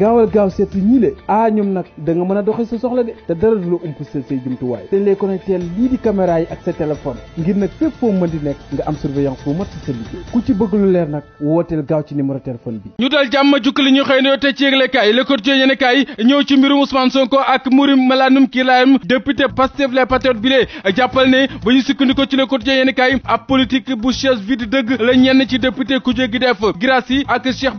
gaawal gaaw seet si ñii ah, nag da nga mën a doxee sa soxla de te dara du la umpaseel say jumtuwaay dañ lay connecté lii di caméra yi ak sa téléphone ngir nag fépp foo mën di nekk nga am surveillance bu si sa liggéey ku ci bëgg leer nag wooteel gaaw ci numéro téléphone bi ñu dal jàmm jukk li ñu xëy na te ci yëglekaay Le Quotidien yéenekaay ñëw ci mbirum Ousmane Sonko ak murim malaanum kiiraayam député Pastef les patriotes jàppal ne ba ñu sukkandiko bu chaise vide dëgg la ñenn ci député ku jéggi def Guirassy ak Cheikh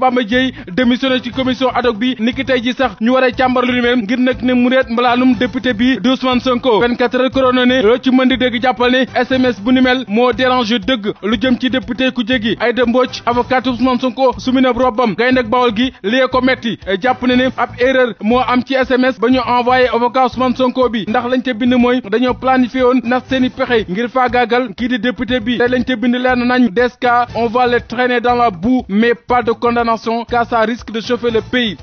ci commission ad dialogue bi niki tey ji sax ñu war càmbar lu ñu mel ngir nag ne mureet mbalaanum député bi di Ousmane Sonko 24 heures chrono ne loo ci mën di dégg jàppal ne SMS bu ni moo dérange dëgg lu jëm ci député ku jégi Aïda Mbodj avocat Ousmane Sonko su mi nab robbam gaynde bawol gi lée ko metti jàpp ne ne ab erreur moo am ci SMS ba ñu envoyé avocat Ousmane Sonko bi ndax lañ ca bind mooy dañoo planifié woon nas seeni pexe ngir faagaagal kii di député bi lañ ca bind leer na nañ des cas on va les traîner dans la boue mais pas de condamnation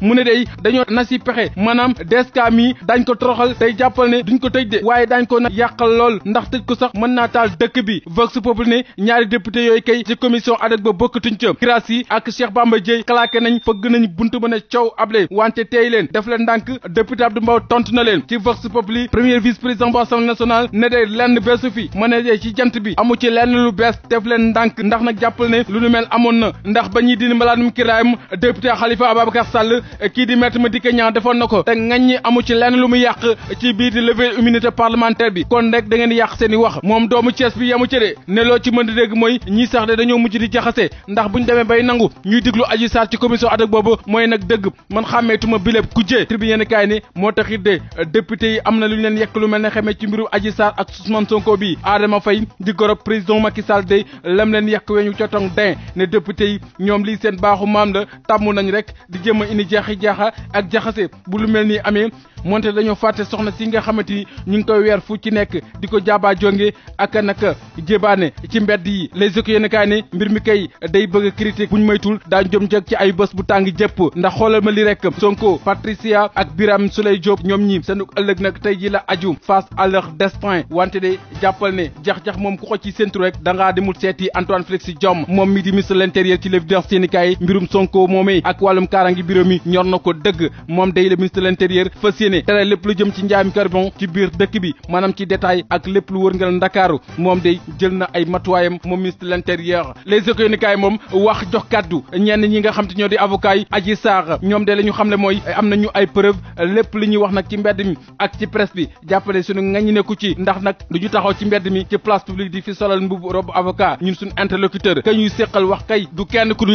mu ne day dañoo nasi pexe maanaam deska mi dañ ko toroxal tey jàppal ne duñ ko tëj de waaye dañ ko nag yàqal lool ndax tëj ko sax mën naa taal dëkk bi vox populi ne ñaari député yooyu kay ci commission adak ba bokkatuñ ca Guirassy ak Cheikh Bamba Dièye claqué nañ fëgg nañ bunt mën ne coow ablé wante tey leen def leen ndànk député Abdou Mbow tont na leen ci vox populi premier vice président bu assemblée nationale ne day lenn beesu fi mën a dee ci jant bi amu ci lenn lu bees def leen ndànk ndax nag jàppal ne lu nu mel amoon na ndax ba ñuy dindi mbalaanum kiraayam député Khalifa Ababacar Sall kii di maître Madické Niang defoon na ko te ngañ amu ci lenn lu mu yàq ci bii di lever immunité parlementaire bi kon rek da ngeen yàq seen i wax moom doomu cees bi yamu ci de ne loo ci mën di dégg mooy ñii sax de dañoo mujj di jaxase ndax bu ñu demee bay nangu ñuy diglu Adji Sarr ci commission attaque boobu mooy nag dëgg man xàmmeetuma biléb kujjee tribune yéen kaay ni moo tax de député yi am na lu ñu leen yekk lu mel ne xamee ci mbiru aji Sarr ak Ousmane Sonko bi Adama Faye di gorob président Macky Sall de lam leen yekk weñu cotong din ne député yi ñoom lii seen baaxu maam la tàmm nañ rek di jëm a indi jeex jaaxi jaaxa ak jaxase bu lu mel ni amee moonte dañoo fàtte soxna sii nga xamante ni ñu ngi koy weer fu ci nekk di ko jaaba jonge ak naka jébaane ci mbedd yi les éco yéenekaay ne mbir mi kay day bëgg a critique bu ñu maytul daañu jom jeg ci ay bés bu tàng jëpp ndax xoolal ma li rek Sonko Patricia ak Biram Souleye Diop ñoom ñi seenu ëllëg nag tey ji la aju face à leur destin wante de jàppal ne jax-jax moom ku ko ci séntu rek dangaa demul seeti Antoine Félix Diome moom mi di ministre de l'intérieur ci l'évidence yéenekaay mbirum Sonko moomee ak wàllum ñor na ko dëgg moom day le ministre de l'intérieur fas yéene tere lépp lu jëm ci njaami carbon ci biir dëkk bi maanaam ci détail ak lépp lu wërngal ndakaaru moom day jël na ay matuwaayam moom ministre de l'intérieur yi économiques moom wax jox kàddu ñenn ñi nga xam te ñoo di avocat yi Adji Sarr ñoom day la ñu xam le mooy am nañu ay preuve lépp li ñuy wax nag ci mbedd mi ak ci presse bi jàppale suñu ngañ nekku ci ndax nag du ñu taxaw ci mbedd mi ci place publique di fi solal mbubu robu avocat ñun suñu interlocuteur ka ñuy séqal wax kay du kenn ku bi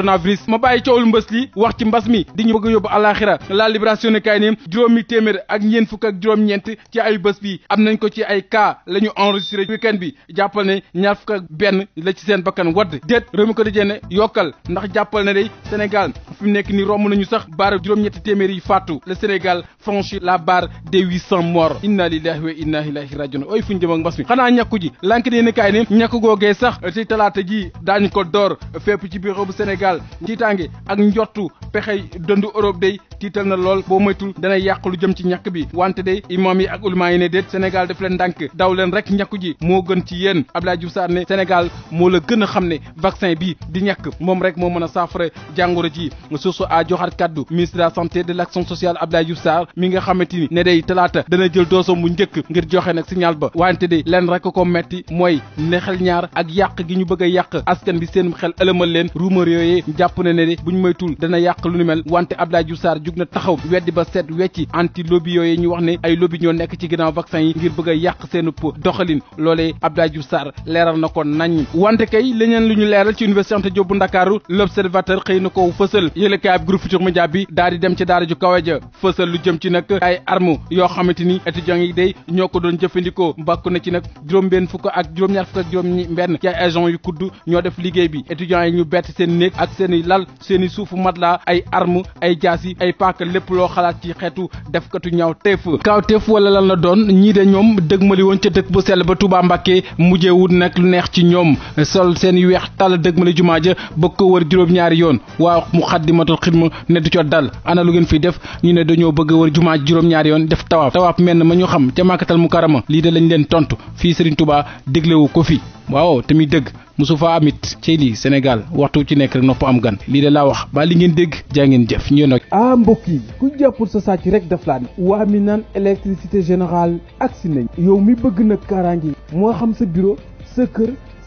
coronavirus ma bàyyi coowul mbës li wax ci mbas mi di ñu bëgg a yóbbu àllaaxira la libération ne kaay ne juróomi téeméer ak ñeent fukk ak juróom-ñeent ci ay bés bi am nañ ko ci ay cas la ñu enregistré week-end bi jàppal ne ñaar fukk ak benn la ci seen bakkan wadd déet réew mi ko di jeene yokkal ndax jàppal ne day Sénégal fi mu nekk ni romb nañu sax baara juróom-ñetti téeméer yi faatu le Sénégal franchit la barre des huit cent morts inna lillahi wa inna ilayhi rajiun ooy fu ñu jëm ak mbas mi xanaa ñàkku ji lank ne kaay ne ñàkk googee sax ci talaata ji daañu ko door fépp ci biir réewu Sénégal Sénégal tiitaange ak pexe dëndu Europe day tiital na lool boo moytul dana yàq lu jëm ci ñàkk bi wante day imaam yi ak ulama yi ne déet Sénégal def leen ndànk daw leen rek ñàkku ji moo gën ci yéen Abdoulaye Diouf Sarr ne Sénégal moo la gën a xam ne vaccin bi di ñàkk moom rek moo mën a saafara jàngoro ji source a joxaat kaddu ministre de la santé de l'action sociale Abdoulaye Diouf Sarr mi nga xamante ne day talaata dana jël doosom bu njëkk ngir joxe nag signal ba wante de leen rek ko metti mooy nexel ñaar ak yàq gi ñu bëgg a yàq askan bi seen xel ëlëmal leen rumeur yooyee jàpp na ne de buñ moytul dana yàq dàq lu ni wante Abdoulaye Diouf Sarr jug na taxaw weddi ba seet wecci anti lobby yooyu ñu wax ne ay lobi ñoo nekk ci ginnaaw vaccin yi ngir bëgg a yàq seen doxalin loolee Abdoulaye Diouf Sarr leeral na ko nañ wante kay leneen lu ñu leeral ci université Anta Diop bu Ndakaaru l'observateur xëy na ko fësal yëlekaay ab groupe Futurs Médias bi daal di dem ci daara ju kawe ja fësal lu jëm ci nag ay arme yoo xamante ni étudiants yi dey ñoo ko doon jëfandikoo mbàkku na ci nag juróom-benn fukk ak juróom-ñaar fukk ak juróom-benn ci ay agent yu kudd ñoo def liggéey bi étudiants yi ñu bett seen néeg ak seen i lal seen i suufu matelas ay arme ay jaas yi ay paaka lépp loo xalaat ci xeetu defkatu ñaw teef kaaw teef wala lan la doon ñii de ñoom dëgmali woon ca dëkk bu sell ba Touba Mbàkke mujjee wut nag lu neex ci ñoom sol seen yu weex tàll dëgmali jumaa ja bëgg ko wër juróom-ñaari yoon waaw mu xaddimatul xidma ne du co dal ana lu ngeen fiy def ñu ne dañoo bëgg wër jumaa juróom-ñaari yoon def tawaaf tawaaf menn ma ñu xam ca màkkatal mukarama lii de lañ leen tontu fii Serigne tubaa déglewu ko fi waaw tamit dëgg mosu faa amit ci lii Sénégal waxtu ci nekk noppu am gan lii de laa wax ba li ngeen dégg jaa ngeen jëf ñu nag ah mbokk yi ku jàppul sa sàcc rek daf laa waa mi naan électricité générale agsi nañ yow mi bëgg na kaaraange moo xam sa bureau sa kër